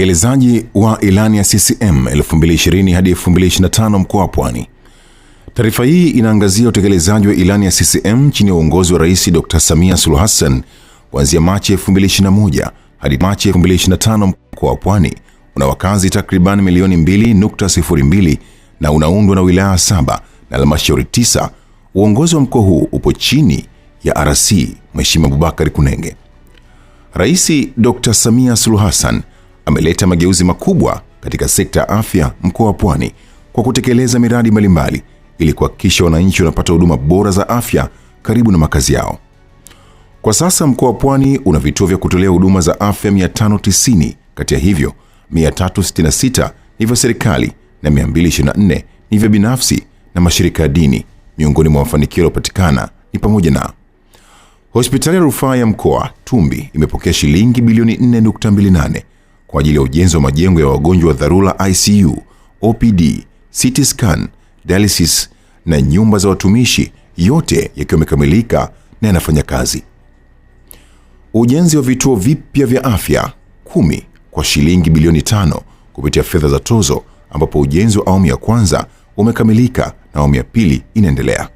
Utekelezaji wa ilani ya CCM 2020 hadi 2025 mkoa wa Pwani. Taarifa hii inaangazia utekelezaji wa ilani ya CCM chini ya uongozi wa Rais Dr. Samia Suluhu Hassan kuanzia Machi 2021 hadi Machi 2025 mkoa wa Pwani una wakazi takriban milioni 2.02 na unaundwa na wilaya saba na halmashauri tisa. Uongozi wa mkoa huu upo chini ya RC Mheshimiwa Abubakar Kunenge. Rais Dr. Samia Suluhu Hassan ameleta mageuzi makubwa katika sekta ya afya mkoa wa Pwani kwa kutekeleza miradi mbalimbali ili kuhakikisha wananchi wanapata huduma bora za afya karibu na makazi yao. Kwa sasa mkoa wa Pwani una vituo vya kutolea huduma za afya 590, kati ya hivyo 366 ni vya serikali na 224 ni vya binafsi na mashirika ya dini. Miongoni mwa mafanikio yaliyopatikana ni pamoja na hospitali ya rufaa ya mkoa Tumbi imepokea shilingi bilioni 4.28 kwa ajili ya ujenzi wa majengo ya wagonjwa wa dharura ICU, OPD, CT scan, dialysis na nyumba za watumishi, yote yakiwa yamekamilika na yanafanya kazi. Ujenzi wa vituo vipya vya afya kumi kwa shilingi bilioni tano kupitia fedha za tozo, ambapo ujenzi wa awamu ya kwanza umekamilika na awamu ya pili inaendelea.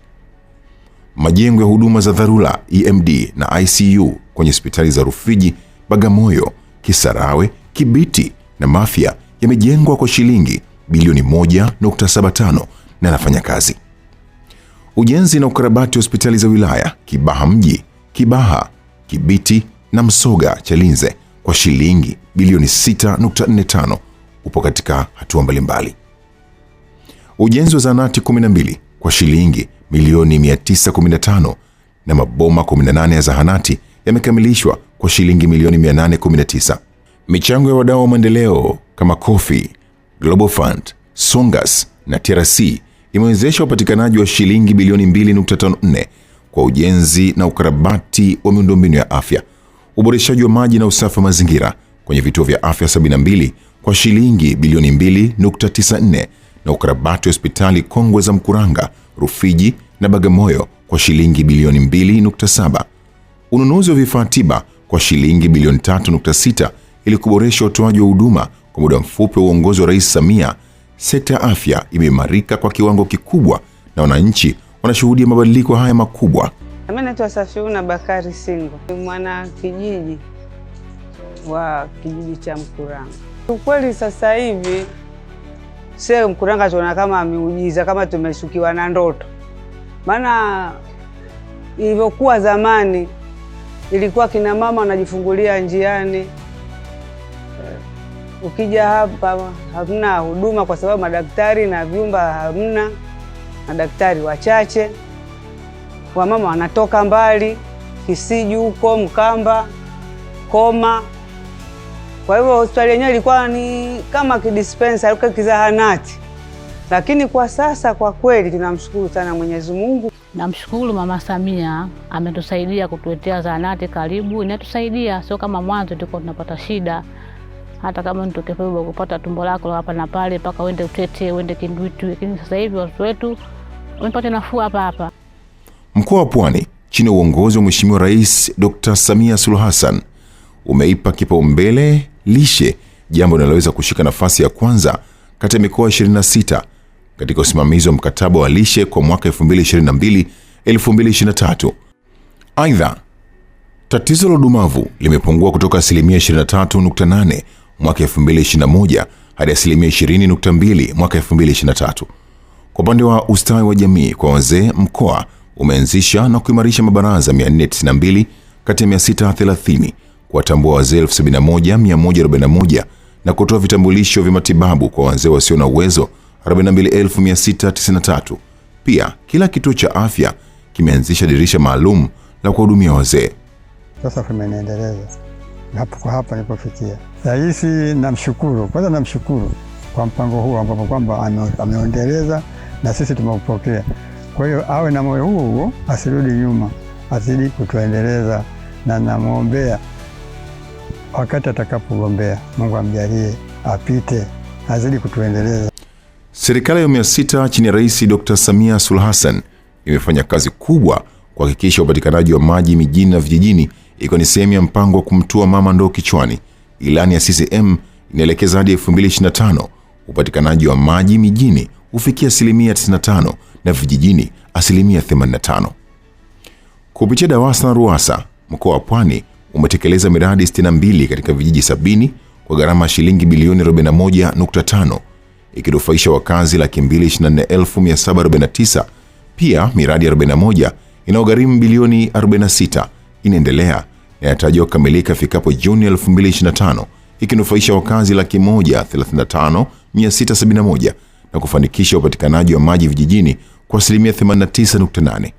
Majengo ya huduma za dharura EMD na ICU kwenye hospitali za Rufiji, Bagamoyo, Kisarawe Kibiti na Mafia yamejengwa kwa shilingi bilioni 1.75 na nafanya kazi ujenzi na ukarabati wa hospitali za wilaya Kibaha mji, Kibaha, Kibiti na Msoga Chalinze kwa shilingi bilioni 6.45 upo katika hatua mbalimbali. Ujenzi wa zahanati 12 kwa shilingi milioni 915 na maboma 18 ya zahanati yamekamilishwa kwa shilingi milioni 819. Michango ya wadau wa maendeleo kama Kofi, Global Fund, Songas na TRC imewezesha upatikanaji wa shilingi bilioni 2.54 kwa ujenzi na ukarabati wa miundombinu ya afya, uboreshaji wa maji na usafi wa mazingira kwenye vituo vya afya 72 kwa shilingi bilioni 2.94 na ukarabati wa hospitali kongwe za Mkuranga, Rufiji na Bagamoyo kwa shilingi bilioni 2.7. Ununuzi wa vifaa tiba kwa shilingi bilioni 3.6 ili kuboresha utoaji wa huduma. Kwa muda mfupi wa uongozi wa Rais Samia, sekta ya afya imeimarika kwa kiwango kikubwa na wananchi wanashuhudia mabadiliko haya makubwa. Mimi naitwa Safiuna Bakari Singo, mwana kijiji wa kijiji cha Mkuranga. Ukweli sasa hivi se Mkuranga tunaona kama miujiza, kama tumeshukiwa na ndoto, maana ilivyokuwa zamani ilikuwa kina mama wanajifungulia njiani Ukija hapa hamna huduma, kwa sababu madaktari na vyumba hamna, madaktari wachache, wamama wanatoka mbali, Kisiju huko, Mkamba, Koma. Kwa hivyo hospitali yenyewe ilikuwa ni kama kidispensa kizahanati, lakini kwa sasa kwa kweli tunamshukuru sana Mwenyezi Mungu. Namshukuru Mama Samia ametusaidia kutuletea zahanati karibu, inatusaidia, sio kama mwanzo tulikuwa tunapata shida hata kama nitokepeba kupata tumbo lako hapa na pale, mpaka uende Utete, uende Kindutu. Lakini sasa hivi watoto wetu wamepata nafuu hapa hapa. Mkoa wa Pwani chini ya uongozi wa Mheshimiwa Rais Dr. Samia Suluhu Hassan umeipa kipaumbele lishe, jambo linaloweza kushika nafasi ya kwanza kati ya mikoa 26 katika usimamizi wa mkataba wa lishe kwa mwaka 2022 2023. Aidha, tatizo la udumavu limepungua kutoka asilimia 23.8 mwaka 2021 hadi asilimia 20.2 mwaka 2023. Kwa upande wa ustawi wa jamii kwa wazee, mkoa umeanzisha na kuimarisha mabaraza 492 kati ya 630 kuwatambua wazee 71141 na kutoa vitambulisho vya matibabu kwa wazee wasio na uwezo 42693. Pia kila kituo cha afya kimeanzisha dirisha maalum la kuwahudumia wazee. Sasa hapo kwa hapa nilipofikia. Rais namshukuru kwanza, namshukuru kwa mpango huu ambapo kwamba ameendeleza na sisi tumeupokea. Kwa hiyo awe na moyo huo huo, asirudi nyuma, azidi kutuendeleza, na namwombea wakati atakapogombea, Mungu amjalie apite, azidi kutuendeleza. Serikali ya awamu ya sita chini ya Rais Dr. Samia Suluhu Hassan imefanya kazi kubwa kuhakikisha upatikanaji wa maji mijini na vijijini, ikiwa ni sehemu ya mpango wa kumtua mama ndoo kichwani. Ilani ya CCM inaelekeza hadi 2025 upatikanaji wa maji mijini hufikia asilimia 95 na vijijini asilimia 85. Kupitia DAWASA na RUWASA, mkoa wa Pwani umetekeleza miradi 62 katika vijiji sabini kwa gharama ya shilingi bilioni 41.5 ikinufaisha wakazi laki 224,749. Pia miradi 41 inayogharimu bilioni 46 inaendelea yanatarajiwa kukamilika ifikapo Juni 2025 ikinufaisha wakazi laki moja 35,671 na kufanikisha upatikanaji wa maji vijijini kwa asilimia 89.8.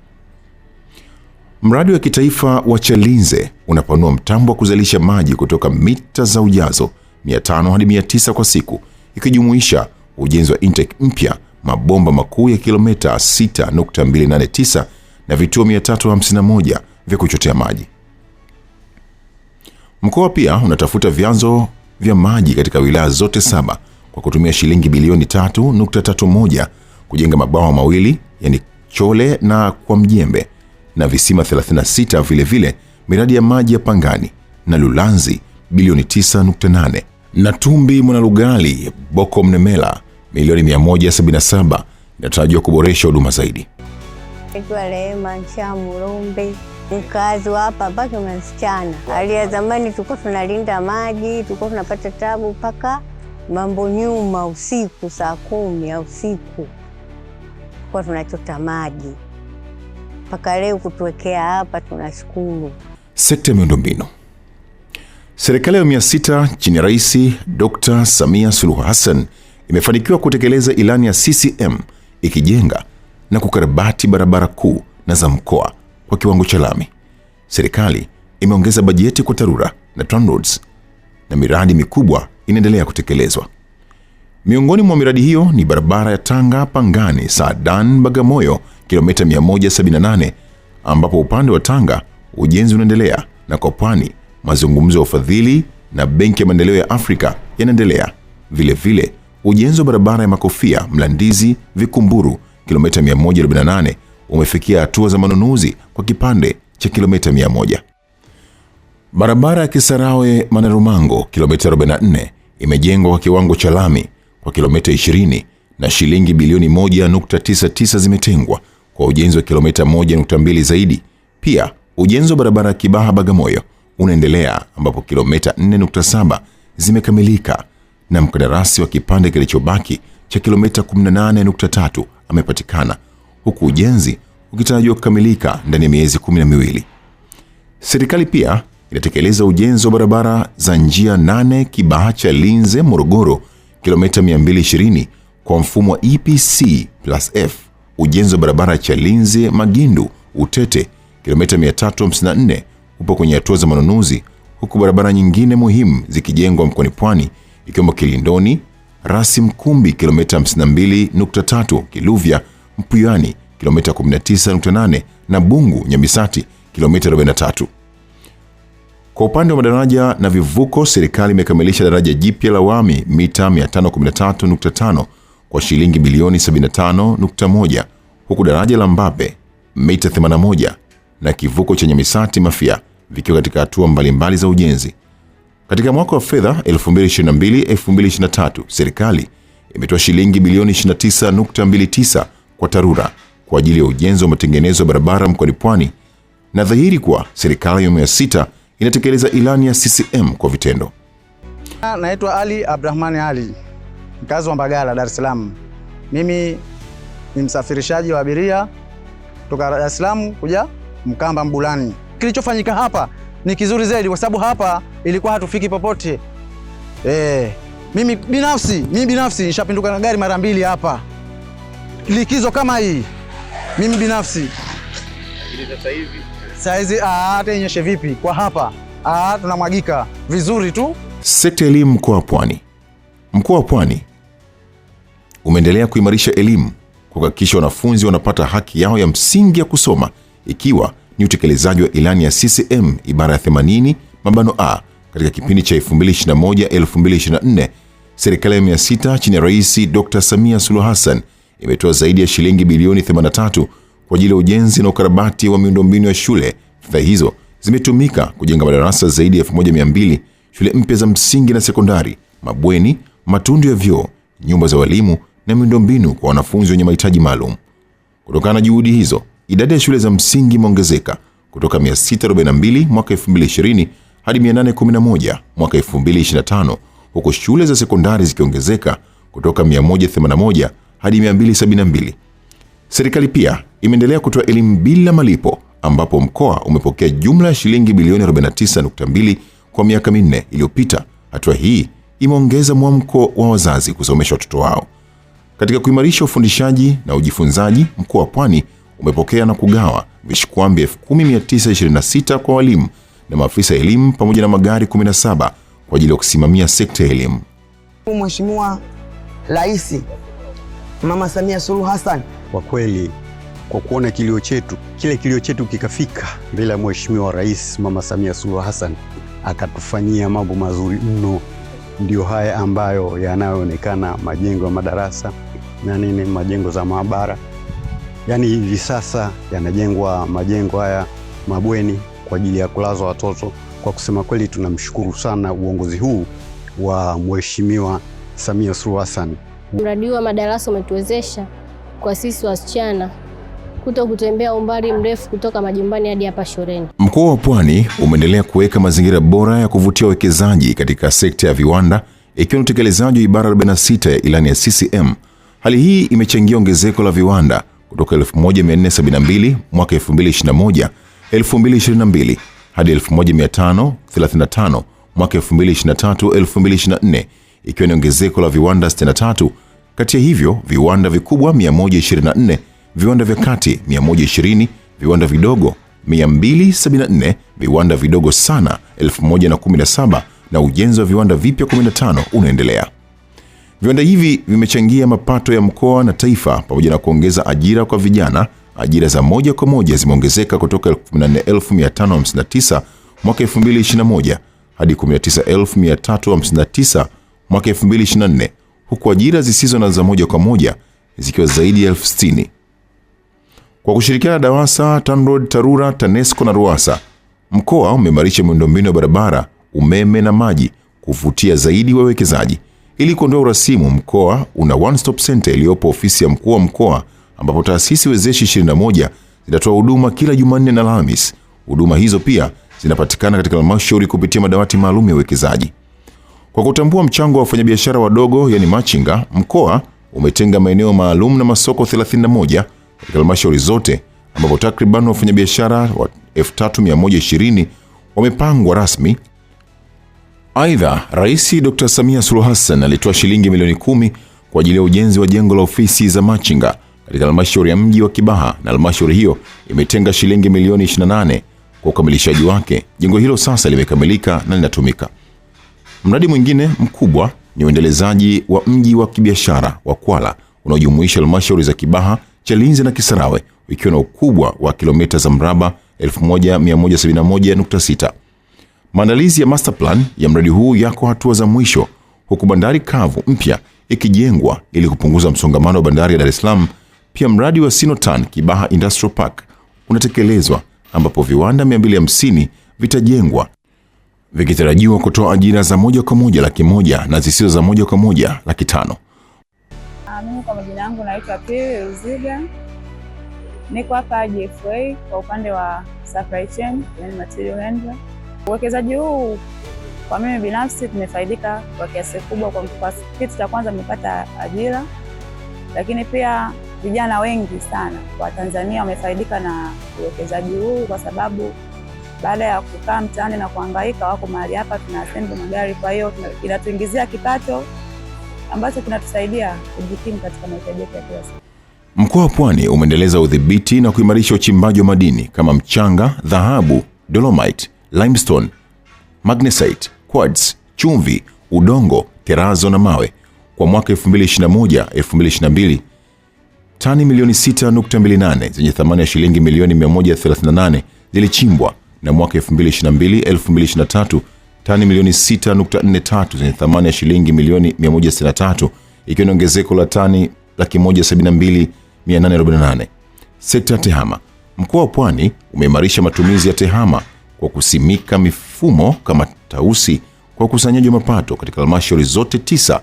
Mradi wa kitaifa wa Chalinze unapanua mtambo wa kuzalisha maji kutoka mita za ujazo 500 hadi 900 kwa siku, ikijumuisha ujenzi wa intake mpya, mabomba makuu ya kilomita 6.289 na vituo 351 vya kuchotea maji. Mkoa pia unatafuta vyanzo vya maji katika wilaya zote saba kwa kutumia shilingi bilioni 3.31 kujenga mabwawa mawili yani Chole na kwa Mjembe na visima 36 vilevile vile, miradi ya maji ya Pangani na Lulanzi bilioni 9.8 na Tumbi Mwanalugali Boko Mnemela milioni 177 inatarajiwa kuboresha huduma zaidi. Rehema Nchamu Murumbi. Mkazi wa hapa mpaka masichana. Hali zamani tulikuwa tunalinda maji, tulikuwa tunapata tabu mpaka mambo nyuma, usiku saa kumi ya usiku kwa tunachota maji mpaka leo kutuwekea hapa, tunashukuru. Sekta ya miundombinu, serikali ya awamu ya sita chini ya Rais Dr. Samia Suluhu Hassan imefanikiwa kutekeleza ilani ya CCM ikijenga na kukarabati barabara kuu na za mkoa kwa kiwango cha lami. Serikali imeongeza bajeti kwa TARURA na TANROADS na miradi mikubwa inaendelea kutekelezwa. Miongoni mwa miradi hiyo ni barabara ya Tanga Pangani Saadan Bagamoyo kilomita 178 ambapo upande wa Tanga ujenzi unaendelea na kwa pwani mazungumzo ya ufadhili na Benki ya Maendeleo ya Afrika yanaendelea. Vilevile ujenzi wa barabara ya Makofia Mlandizi Vikumburu kilomita 148 umefikia hatua za manunuzi kwa kipande cha kilomita 100. Barabara ya Kisarawe Manarumango kilomita 44 imejengwa kwa kiwango cha lami kwa kilomita 20 na shilingi bilioni 1.99 zimetengwa kwa ujenzi wa kilomita 1.2 zaidi. Pia ujenzi wa barabara ya Kibaha Bagamoyo unaendelea ambapo kilomita 4.7 zimekamilika na mkandarasi wa kipande kilichobaki cha kilomita 18.3 amepatikana huku ujenzi ukitarajiwa kukamilika ndani ya miezi kumi na miwili. Serikali pia inatekeleza ujenzi wa barabara za njia nane Kibaha cha Linze Morogoro kilomita 220 kwa mfumo wa EPC plus F. Ujenzi wa barabara cha linze Magindu Utete kilomita 354 upo kwenye hatua za manunuzi, huku barabara nyingine muhimu zikijengwa mkoani Pwani ikiwemo Kilindoni Rasi Mkumbi kilomita 52.3 Kiluvya Mpuyani kilomita 19.8 na Bungu Nyamisati kilomita 43. Kwa upande wa madaraja na vivuko, serikali imekamilisha daraja jipya la Wami mita 513.5 kwa shilingi bilioni 75.1 huku daraja la Mbabe mita 81 na kivuko cha Nyamisati Mafia vikiwa katika hatua mbalimbali za ujenzi. Katika mwaka wa fedha 2022/2023 serikali imetoa shilingi bilioni 29.29 kwa TARURA kwa ajili ya ujenzi wa matengenezo ya barabara mkoani Pwani na dhahiri kuwa serikali ya awamu ya sita inatekeleza ilani ya CCM kwa vitendo. Ah, naitwa Ali Abdrahmani Ali, mkazi wa Mbagala, Dar es Salaam. Mimi ni msafirishaji wa abiria kutoka Dar es Salaam kuja Mkamba Mbulani. Kilichofanyika hapa ni kizuri zaidi, kwa sababu hapa ilikuwa hatufiki popote. E, mimi binafsi mimi binafsi nishapinduka na gari mara mbili hapa likizo kama hii, mimi binafsi saizi ah, hata inyeshe vipi kwa hapa ah, tunamwagika vizuri tu. Sekta ya elimu mkoa wa Pwani. Mkoa wa Pwani umeendelea kuimarisha elimu kwa kuhakikisha wanafunzi wanapata haki yao ya msingi ya kusoma, ikiwa ni utekelezaji wa ilani ya CCM ibara ya 80 mabano a katika kipindi cha 2021-2024 serikali ya awamu sita chini ya Rais Dr. Samia Suluhu Hassan imetoa zaidi ya shilingi bilioni 83 kwa ajili ya ujenzi na ukarabati wa miundombinu ya shule. Fedha hizo zimetumika kujenga madarasa zaidi ya 1200, shule mpya za msingi na sekondari, mabweni, matundu ya vyoo, nyumba za walimu na miundombinu kwa wanafunzi wenye mahitaji maalum. Kutokana na juhudi hizo, idadi ya shule za msingi imeongezeka kutoka 642 mwaka 2020 hadi 811 mwaka 2025, huku shule za sekondari zikiongezeka kutoka 181 hadi 272. Serikali pia imeendelea kutoa elimu bila malipo ambapo mkoa umepokea jumla ya shilingi bilioni 49.2 kwa miaka minne iliyopita. Hatua hii imeongeza mwamko wa wazazi kusomesha watoto wao. Katika kuimarisha ufundishaji na ujifunzaji, mkoa wa Pwani umepokea na kugawa vishikwambi 10926 kwa walimu na maafisa elimu pamoja na magari 17 kwa ajili ya kusimamia sekta ya elimu. Mheshimiwa Rais Mama Samia Suluhu Hassan. Kwa kweli kwa kuona kilio chetu kile kilio chetu kikafika mbele ya Mheshimiwa Rais Mama Samia Suluhu Hassan akatufanyia mambo mazuri mno, ndio haya ambayo yanayoonekana majengo ya madarasa na nini, majengo za maabara. Yaani hivi sasa yanajengwa majengo haya mabweni kwa ajili ya kulazwa watoto. Kwa kusema kweli, tunamshukuru sana uongozi huu wa Mheshimiwa Samia Suluhu Hassan. Mradi huu wa madarasa umetuwezesha kwa sisi wasichana kuto kutembea umbali mrefu kutoka majumbani hadi hapa shuleni. Mkoa wa Pwani umeendelea kuweka mazingira bora ya kuvutia wawekezaji katika sekta ya viwanda ikiwa ni utekelezaji wa ibara 46 ya ilani ya CCM. Hali hii imechangia ongezeko la viwanda kutoka 1472 mwaka 2021 2022 hadi 1535 mwaka 2023 2024 ikiwa ni ongezeko la viwanda 63 kati ya hivyo viwanda vikubwa 124, viwanda vya kati 120, viwanda vidogo 274, viwanda vidogo sana 1117 na ujenzi wa viwanda vipya 15 unaendelea. Viwanda hivi vimechangia mapato ya mkoa na taifa pamoja na kuongeza ajira kwa vijana. Ajira za moja kwa moja zimeongezeka kutoka 14559 mwaka 2021 hadi 19359 mwaka 2024 huku ajira zisizo na za moja kwa moja zikiwa zaidi ya elfu sitini. Kwa kushirikiana DAWASA, tanrod TARURA, TANESCO na ruasa mkoa umeimarisha miundombinu ya barabara, umeme na maji kuvutia zaidi wawekezaji. Ili kuondoa urasimu, mkoa una one stop center iliyopo ofisi ya mkuu wa mkoa, ambapo taasisi wezeshi 21 zinatoa huduma kila Jumanne na Alhamis. Huduma hizo pia zinapatikana katika halmashauri kupitia madawati maalum ya uwekezaji. Kwa kutambua mchango wa wafanyabiashara wadogo yani machinga, mkoa umetenga maeneo maalum na masoko 31 katika halmashauri zote ambapo takriban wafanyabiashara wa 3120 wamepangwa rasmi. Aidha, Rais Dr. Samia Suluhu Hassan alitoa shilingi milioni kumi kwa ajili ya ujenzi wa jengo la ofisi za machinga katika halmashauri ya mji wa Kibaha na halmashauri hiyo imetenga shilingi milioni 28 kwa ukamilishaji wake. Jengo hilo sasa limekamilika na linatumika. Mradi mwingine mkubwa ni uendelezaji wa mji wa kibiashara wa Kwala unaojumuisha halmashauri za Kibaha, Chalinze na Kisarawe ikiwa na ukubwa wa kilomita za mraba 1171.6. Maandalizi ya master plan ya mradi huu yako hatua za mwisho huku bandari kavu mpya ikijengwa ili kupunguza msongamano wa bandari ya Dar es Salaam. Pia mradi wa Sinotan Kibaha Industrial Park unatekelezwa ambapo viwanda 250 vitajengwa vikitarajiwa kutoa ajira za moja kwa moja laki moja na zisizo za moja kwa moja laki tano. Ah, mimi kwa majina yangu naitwa Pili Uziga, niko hapa GFA kwa upande wa supply chain, yani material handler. Uwekezaji huu kwa mimi binafsi tumefaidika kwa kiasi kubwa. Kwa kitu cha kwanza nimepata ajira, lakini pia vijana wengi sana wa Tanzania wamefaidika na uwekezaji huu kwa sababu baada ya kukaa mtaani na kuhangaika, wako mahali hapa tuna assemble magari, kwa hiyo inatuingizia kipato ambacho kinatusaidia kujikimu katika mahitaji yetu ya kila siku. Mkoa wa Pwani umeendeleza udhibiti na kuimarisha uchimbaji wa madini kama mchanga, dhahabu, dolomite, limestone, magnesite, quartz, chumvi, udongo, terazo na mawe. Kwa mwaka 2021 2022 tani milioni 6.28 zenye thamani ya shilingi milioni 138 zilichimbwa na mwaka 2022 2023 tani milioni 6.43 zenye thamani ya shilingi milioni 163 ikiwa ni ongezeko la tani laki 172,848. Sekta ya tehama. Mkoa wa Pwani umeimarisha matumizi ya tehama kwa kusimika mifumo kama tausi kwa ukusanyaji wa mapato katika halmashauri zote tisa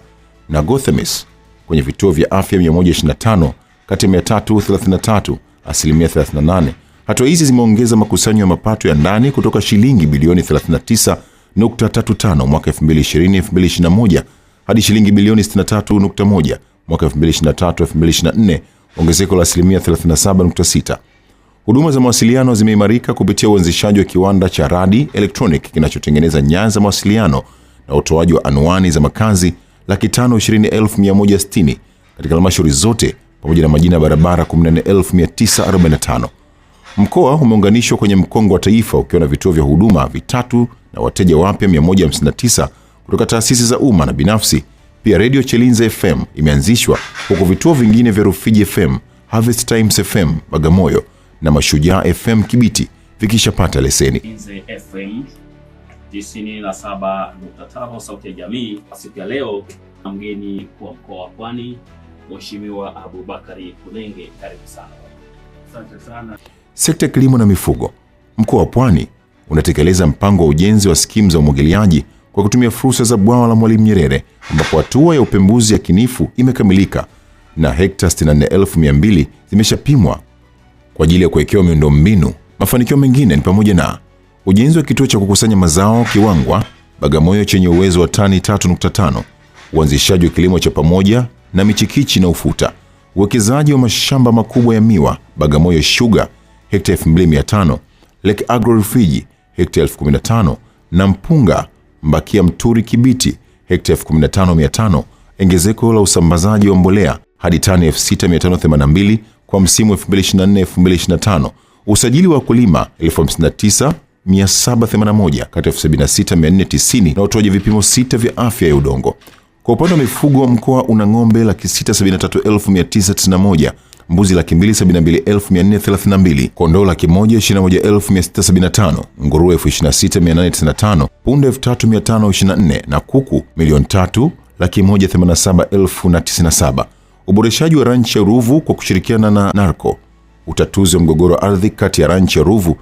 na Gothemis kwenye vituo vya afya 125 kati ya 333 asilimia 38 Hatua hizi zimeongeza makusanyo ya mapato ya ndani kutoka shilingi bilioni 39.35 mwaka 2020-2021 hadi shilingi bilioni 63.1 mwaka 2023-2024, ongezeko la asilimia 37.6. Huduma za mawasiliano zimeimarika kupitia uanzishaji wa kiwanda cha Radi Electronic kinachotengeneza nyaya za mawasiliano na utoaji wa anwani za makazi laki 520,160 katika halmashauri zote pamoja na majina ya barabara 14945. Mkoa umeunganishwa kwenye mkongo wa taifa ukiwa na vituo vya huduma vitatu na wateja wapya 159 kutoka taasisi za umma na binafsi. Pia redio Chelinze FM imeanzishwa huku vituo vingine vya Rufiji FM, Harvest Times FM Bagamoyo na Mashujaa FM Kibiti vikishapata leseni. Sauti ya Jamii. Siku ya leo mgeni kwa mkoa wa Pwani Mheshimiwa Abubakari karibu sana. Asante sana. Sekta ya kilimo na mifugo. Mkoa wa Pwani unatekeleza mpango wa ujenzi wa skimu za umwagiliaji kwa kutumia fursa za bwawa la Mwalimu Nyerere ambapo hatua ya upembuzi yakinifu imekamilika na hekta 64,200 zimeshapimwa kwa ajili ya kuwekewa miundombinu. Mafanikio mengine ni pamoja na ujenzi wa kituo cha kukusanya mazao Kiwangwa, Bagamoyo chenye uwezo wa tani 3.5, uanzishaji wa kilimo cha pamoja na michikichi na ufuta, uwekezaji wa mashamba makubwa ya miwa Bagamoyo Sugar hekta 2500, Lake Agro Refuge hekta 15000 na mpunga Mbakia Mturi Kibiti hekta 15500, ongezeko la usambazaji wa mbolea hadi tani 6582 kwa msimu 2024-2025. Usajili wa wakulima 59781 kati ya 76490 na utoaji vipimo sita vya afya ya udongo. Kwa upande wa mifugo, mkoa una ng'ombe laki 673991 mbuzi laki mbili sabini na mbili elfu mia nne thelathini na mbili kondoo laki moja ishirini na moja elfu mia sita sabini na tano nguruwe elfu ishirini na sita mia nane tisini na tano punda elfu tatu mia tano ishirini na nne na kuku milioni tatu laki moja themanini na saba elfu na tisini na saba uboreshaji wa ranchi ya Ruvu kwa kushirikiana na NARCO, utatuzi wa mgogoro wa ardhi kati ya ranchi ya Ruvu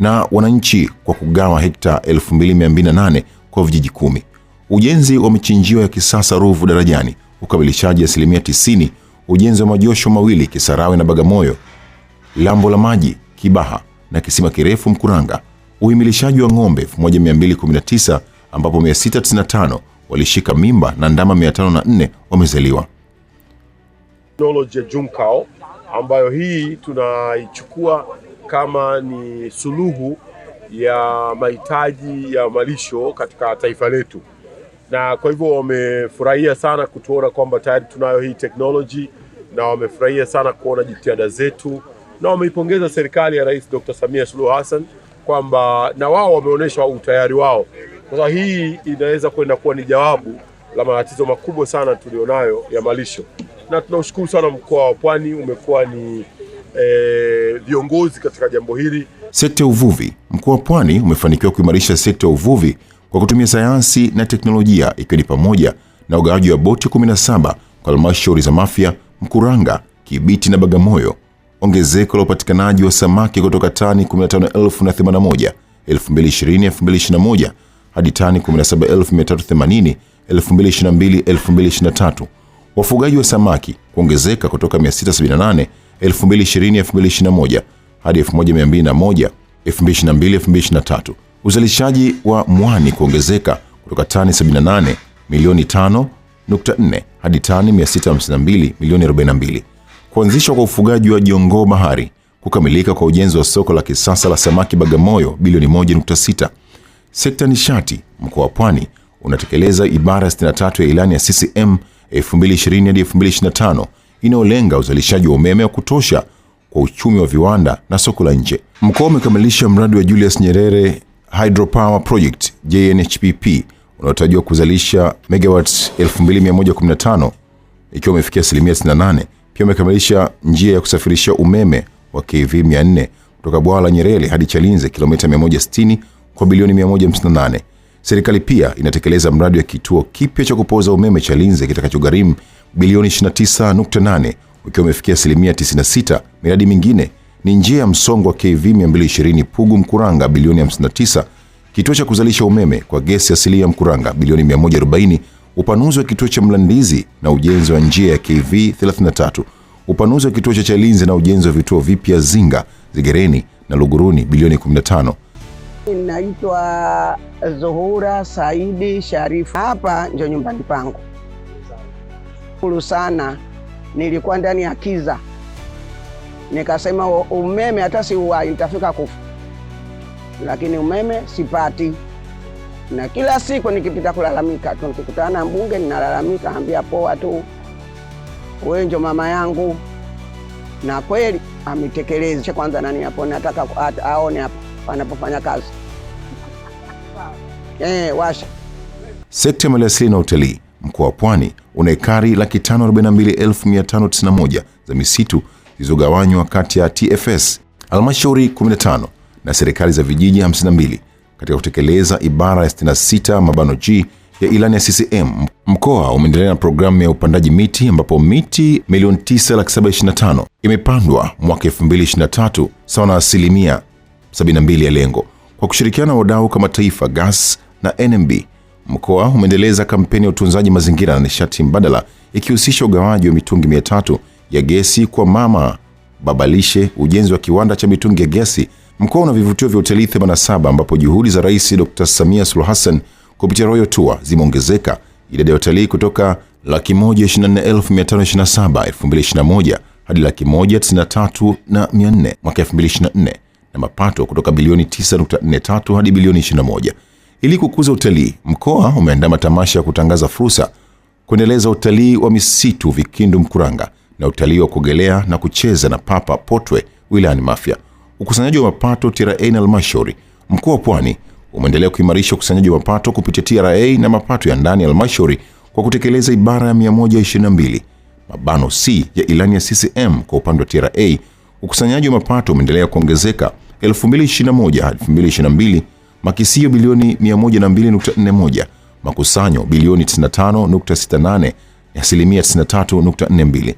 na wananchi kwa kugawa hekta 2208 kwa vijiji kumi, ujenzi wa michinjio ya kisasa Ruvu Darajani, ukamilishaji asilimia 90 ujenzi wa majosho mawili Kisarawe na Bagamoyo, lambo la maji Kibaha na kisima kirefu Mkuranga, uhimilishaji wa ng'ombe 1219 ambapo 695 walishika mimba na ndama 504 wamezaliwa. Teknolojia ambayo hii tunaichukua kama ni suluhu ya mahitaji ya malisho katika taifa letu, na kwa hivyo wamefurahia sana kutuona kwamba tayari tunayo hii teknoloji na wamefurahia sana kuona jitihada zetu na wameipongeza serikali ya Rais Dr. Samia Suluhu Hassan kwamba na wao wameonyesha utayari wao. Sasa hii inaweza kwenda kuwa ni jawabu la matatizo makubwa sana tulionayo ya malisho, na tunaushukuru sana mkoa wa Pwani umekuwa ni e, viongozi katika jambo hili. Sekta ya uvuvi, mkoa wa Pwani umefanikiwa kuimarisha sekta ya uvuvi kwa kutumia sayansi na teknolojia, ikiwa ni pamoja na ugawaji wa boti 17 kwa halmashauri za Mafia Mkuranga, Kibiti na Bagamoyo, ongezeko la upatikanaji wa samaki kutoka tani 15,081 2020-2021 hadi tani 17,380 2022-2023. Wafugaji wa samaki kuongezeka kutoka 678 2020-2021 hadi 1201 2022-2023. Uzalishaji wa mwani kuongezeka kutoka tani 78 milioni 5 4 hadi tani 652 milioni 42. Kuanzishwa kwa ufugaji wa jongoo bahari, kukamilika kwa ujenzi wa soko la kisasa la samaki Bagamoyo bilioni 1.6. Sekta nishati, mkoa wa Pwani unatekeleza ibara 63 ya ilani ya CCM 2020 hadi 2025 inayolenga uzalishaji wa umeme wa kutosha kwa uchumi wa viwanda na soko la nje. Mkoa umekamilisha mradi wa Julius Nyerere Hydropower Project JNHPP unaotarajiwa kuzalisha megawatts 2115 ikiwa umefikia asilimia 68. Pia umekamilisha njia ya kusafirisha umeme wa kV 400 kutoka bwawa la Nyerere hadi Chalinze kilomita 160 kwa bilioni 158. Serikali pia inatekeleza mradi wa kituo kipya cha kupoza umeme Chalinze kitakachogharimu bilioni 29.8 ukiwa umefikia asilimia 96. Miradi mingine ni njia ya msongo wa kV 220 Pugu Mkuranga bilioni 59 kituo cha kuzalisha umeme kwa gesi asilia ya Mkuranga bilioni 140, upanuzi wa kituo cha Mlandizi na ujenzi wa njia ya KV 33, upanuzi wa kituo cha Chalinze na ujenzi wa vituo vipya Zinga, Zigereni na Luguruni bilioni 15. Ninaitwa Zuhura Saidi Sharifu. Hapa ndio nyumbani pangu. Kulu sana, nilikuwa ndani ya kiza, nikasema umeme hata uwai, nitafika kufa lakini umeme sipati, na kila siku nikipita kulalamika tu, nikikutana na mbunge ninalalamika, ambia poa tu, wewe ndio mama yangu. Na kweli amitekeleze kwanza, nani hapo, nataka aone hapo anapofanya kazi eh, washa. Sekta ya maliasili na utalii mkoa wa Pwani una ekari laki 542591 za misitu zilizogawanywa kati ya TFS halmashauri 15 na serikali za vijiji 52 katika kutekeleza ibara ya 66 mabano G ya ilani ya CCM. Mkoa umeendelea na programu ya upandaji miti ambapo miti milioni 9,725 imepandwa mwaka 2023 sawa na asilimia 72 ya lengo. Kwa kushirikiana na wadau kama Taifa Gas na NMB, mkoa umeendeleza kampeni ya utunzaji mazingira na nishati mbadala ikihusisha ugawaji wa mitungi 300 ya gesi kwa mama babalishe, ujenzi wa kiwanda cha mitungi ya gesi Mkoa una vivutio vya utalii 87 ambapo juhudi za Rais Dr. Samia Suluhu Hassan kupitia Royal Tour zimeongezeka idadi ya utalii kutoka laki moja 2021 hadi laki moja mwaka 2024 na mapato kutoka bilioni 9.43 hadi bilioni 21. Ili kukuza utalii, mkoa umeandaa matamasha ya kutangaza fursa, kuendeleza utalii wa misitu Vikindu Mkuranga na utalii wa kuogelea na kucheza na Papa Potwe wilayani Mafia. Ukusanyaji wa mapato TRA na halmashauri. Mkoa wa Pwani umeendelea kuimarisha ukusanyaji wa mapato kupitia TRA na mapato ya ndani ya halmashauri kwa kutekeleza ibara ya 122 mabano C ya ilani ya CCM. Kwa upande wa TRA, ukusanyaji wa mapato umeendelea kuongezeka 2021 hadi 2022, makisio bilioni 102.41, makusanyo bilioni 95.68, asilimia 93.42.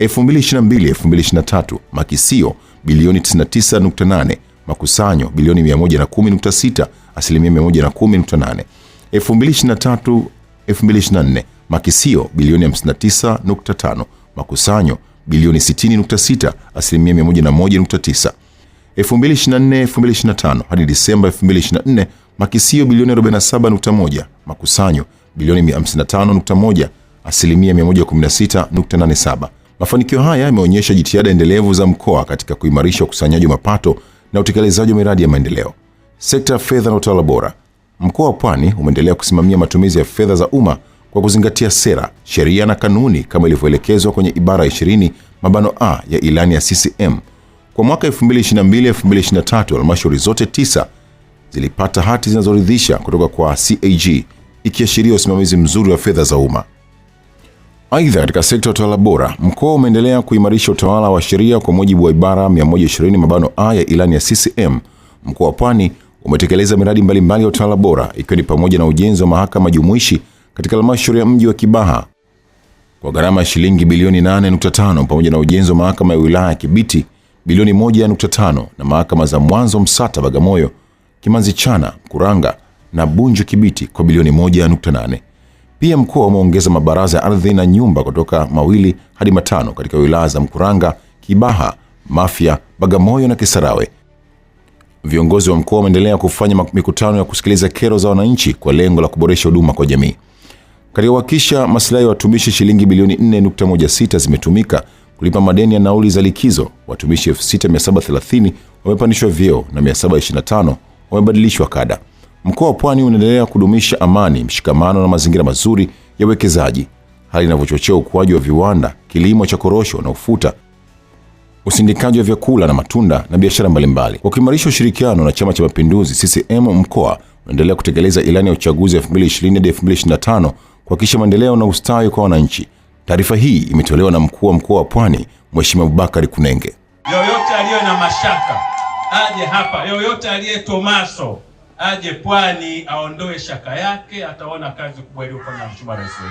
2022 2023 makisio bilioni 99.8, makusanyo bilioni 110.6, asilimia 110.8. 2023 2024 makisio bilioni 59.5, makusanyo bilioni 60.6, asilimia 101.9. 2024 2025 hadi Disemba 2024 makisio bilioni 47.1, makusanyo bilioni 55.1, asilimia 116.87. Mafanikio haya yameonyesha jitihada endelevu za mkoa katika kuimarisha ukusanyaji wa mapato na utekelezaji wa miradi ya maendeleo. Sekta ya fedha na utawala bora. Mkoa wa Pwani umeendelea kusimamia matumizi ya fedha za umma kwa kuzingatia sera, sheria na kanuni kama ilivyoelekezwa kwenye ibara 20 mabano A ya ilani ya CCM. Kwa mwaka 2022-2023 halmashauri zote tisa zilipata hati zinazoridhisha kutoka kwa CAG ikiashiria usimamizi mzuri wa fedha za umma. Aidha, katika sekta ya utawala bora, mkoa umeendelea kuimarisha utawala wa sheria kwa mujibu wa ibara 120 mabano a ya ilani ya CCM. Mkoa wa Pwani umetekeleza miradi mbalimbali ya utawala bora ikiwa ni pamoja na ujenzi wa mahakama jumuishi katika halmashauri ya mji wa Kibaha kwa gharama ya shilingi bilioni 8.5 pamoja na ujenzi wa mahakama ya wilaya ya Kibiti bilioni 1.5 na mahakama za Mwanzo, Msata, Bagamoyo, Kimanzi Chana, na Bunju Kibiti kwa bilioni 1.8. Pia mkoa umeongeza mabaraza ya ardhi na nyumba kutoka mawili hadi matano katika wilaya za Mkuranga, Kibaha, Mafia, Bagamoyo na Kisarawe. Viongozi wa mkoa wameendelea kufanya mikutano ya kusikiliza kero za wananchi kwa lengo la kuboresha huduma kwa jamii. Katika kuhakikisha maslahi ya watumishi, shilingi bilioni 4.16 zimetumika kulipa madeni ya nauli za likizo. Watumishi 6730 wamepandishwa vyeo na 725 wamebadilishwa kada. Mkoa wa Pwani unaendelea kudumisha amani, mshikamano na mazingira mazuri ya uwekezaji, hali inavyochochea ukuaji wa viwanda, kilimo cha korosho na ufuta, usindikaji wa vyakula na matunda na biashara mbalimbali. Kwa kuimarisha ushirikiano na Chama cha Mapinduzi CCM mkoa unaendelea kutekeleza ilani ya uchaguzi 2020 2025 kuhakikisha maendeleo na ustawi kwa wananchi. Taarifa hii imetolewa na mkuu wa mkoa wa Pwani Mheshimiwa Abubakari Kunenge. Yoyote aliyo na mashaka aje hapa, yoyote aliye tomaso aje pwani aondoe shaka yake, ataona kazi kubwa iliyofanya na Mheshimiwa Rais wetu.